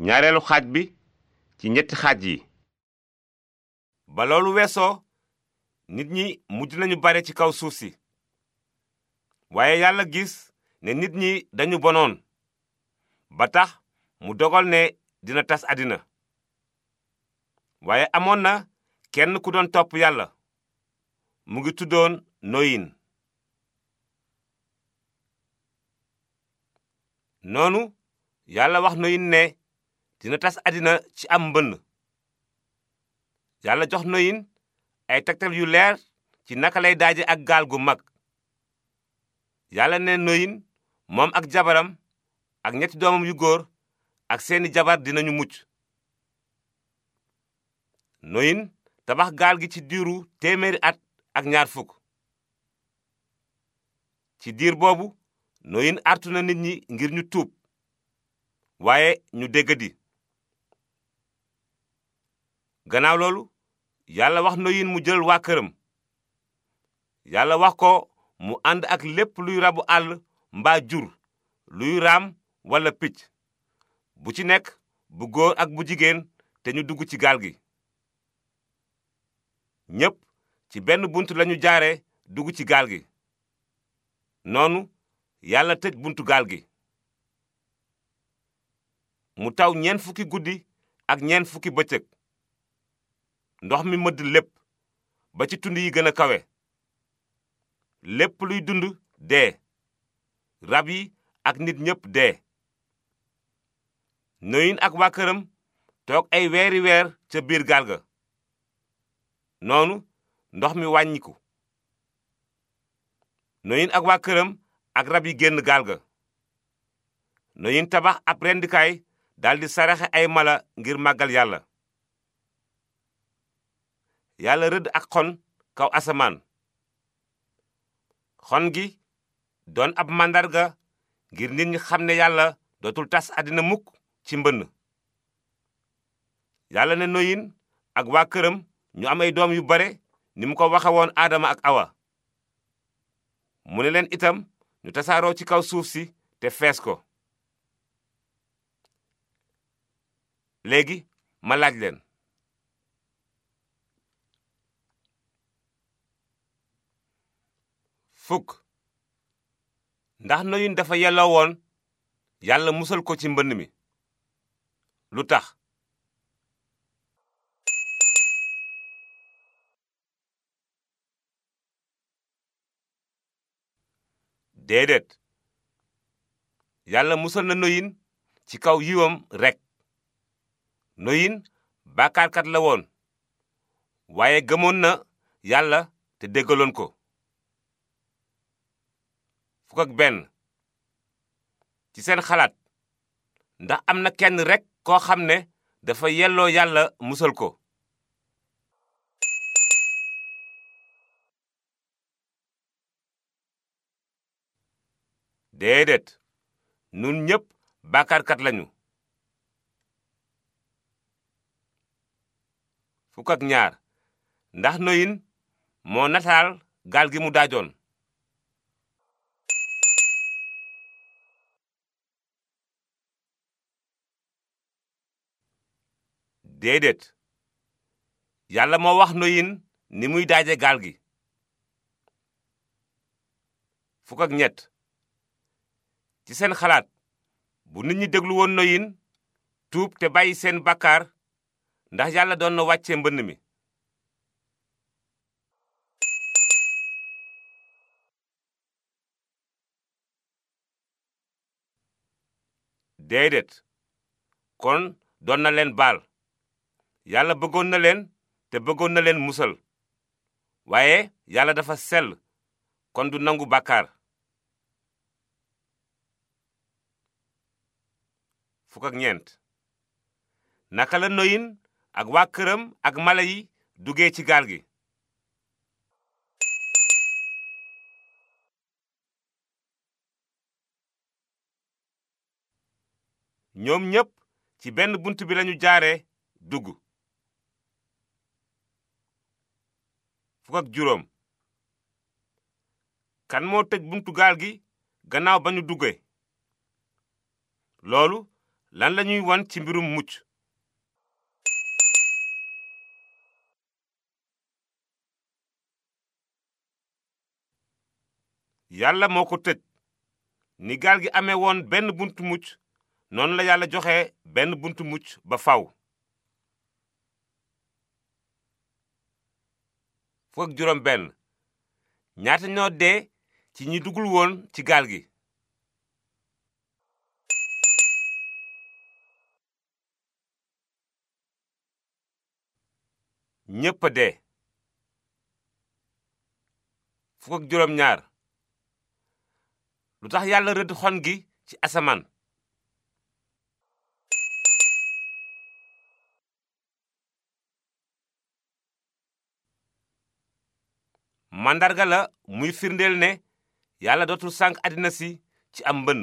ñaareelu xaaj bi ci ñetti xaaj yi ba loolu weesoo nit ñi mujj nañu bare ci kaw suuf si waaye yàlla gis ne nit ñi dañu bonoon ba tax mu dogal ne dina tas àddina waaye amoon na kenn ku doon topp yàlla mu ngi tuddoon noyin noonu yàlla wax noyin ne dina tas àddina ci am mbënn yàlla jox noyin ay tegtal yu leer ci naka lay daaje ak gaal gu mag yàlla ne noyin moom ak jabaram ak ñetti doomam yu góor ak seeni jabar dinañu mucc noyin tabax gaal gi ci diiru téeméeri at ak ñaar fukk ci diir boobu noyin artu na nit ñi ngir ñu tuub waaye ñu déggadi gannaaw loolu yàlla wax noyin mu jël waa këram yàlla wax ko mu ànd ak lépp luy rabu àll mbaa jur luy raam walla picc bu ci nekk bu góor ak bu jigéen te ñu dugg ci gaal gi ñépp ci benn bunt lañu jaare dugg ci gaal gi noonu yàlla tëj buntu gaal gi mu taw ñeent fukki guddi ak ñeent fukki bëccëg ndox mi mëdd lépp ba ci tund yi gën a kawe lépp luy dund dee rab yi ak nit ñépp dee noyin ak waa këram toog ay weeri weer ca biir gaal ga noonu ndox mi wàññiku noyin ak waa këram ak rab yi génn gaal ga noyin tabax ab rendikaay daldi saraxe ay mala ngir màggal yàlla yàlla rëdd ak xon kaw asamaan xon gi doon ab màndarga ngir nit ñi xam ne yàlla dootul tas àddina mukk ci mbënn yàlla na noyin ak waa këram ñu am ay doom yu bare ni mu ko waxe woon aadama ak awa mu ne leen itam ñu tasaaroo ci kaw suuf si te fees ko léegi ma laaj leen fukk ndax noyin dafa yelloo woon yàlla musal ko ci mbënn mi lu tax déedéet yàlla musal na noyin ci kaw yiwam rekk noyin bàkkaarkat la woon waaye gëmoon na yàlla te déggaloon ko fukk benn ci seen xalaat ndax am na kenn rekk koo xam ne dafa yelloo yàlla musal ko déedéet nun ñépp bàkkaarkat lañu fukk ak ñaar ndax noyin moo nataal gaal gi mu daajoon déedéet yàlla moo wax noyin ni muy daaje gaal gi fukk ak ñett ci seen xalaat bu nit ñi déglu noyin tuub te bàyyi seen bakkaar ndax yàlla doon na wàcce mbënn mi déedéet kon doon na leen baal yàlla bëggoon na leen te bëggoon na leen musal waaye yàlla dafa sell kon du nangu bàkkaar fukk naka la noyin ak waa këram ak mala yi duggee ci gaal gi ñoom ñépp ci benn bunt bi lañu jaare dugg juróom kan moo tëj buntu gaal gi gannaaw ba ñu dugge loolu lan la ñuy won ci mbirum mucc yàlla moo ko tëj ni gaal gi amee woon benn buntu mucc noonu la yàlla joxe benn buntu mucc ba faw fukk ak juróom benn ñaata ñoo dee ci ñi dugul woon ci gaal gi ñépp a dee fukk juróom ñaar lu tax yàlla rëdd xon gi ci asamaan mandarga la muy firndeel ne yàlla dootul sànk àddina si ci am mbënn